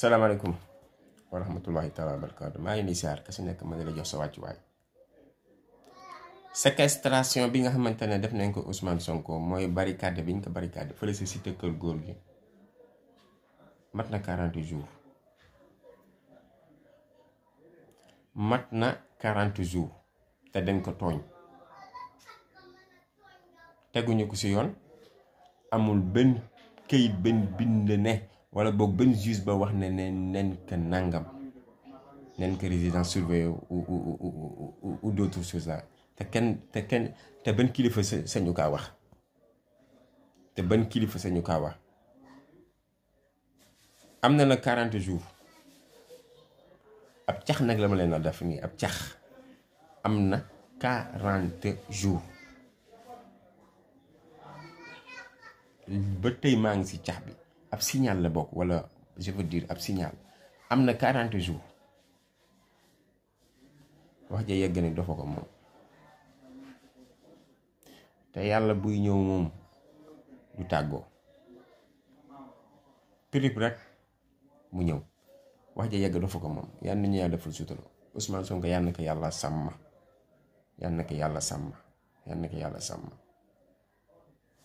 salaamaaleykum wa rahmatullahi taala wa barakaatu maa ngi ni siyaar ka si nekk ma ngi la jox sa wàccuwaay séquestration bi nga xamante ne def nañ ko Ousmane Sonko mooy barricade bi ñu ko bari barricade fële si cité kër góor gi mat na 40 jour mat na 40 jour te dañ ko tooñ teguñu ko si yoon amul benn këyit benn bind ne. wala boog benn juge ba wax ne ne nen ka nangam nen ka résidence surveillée ou ou ou d' autres choses là te kenn te kenn te benn kilifa sañu kaa wax te benn kilifa sañu kaa wax am na na quarante jours ab cax nag la ma leen a def nii ab cax am na quarante jours ba tey maa ngi ci cax bi. ab signal la bokk wala je veux dire ab signal am na 40 jours wax ja yegg ne dafa ko moom te yàlla buy ñëw moom du tàggoo pirip rek mu ñëw wax ja yegg dafa ko moom yal na ñu yàlla defal sutura Ousmane Sonko yal na ko yàlla sàmm yal na ko yàlla samma yal na ko yàlla samma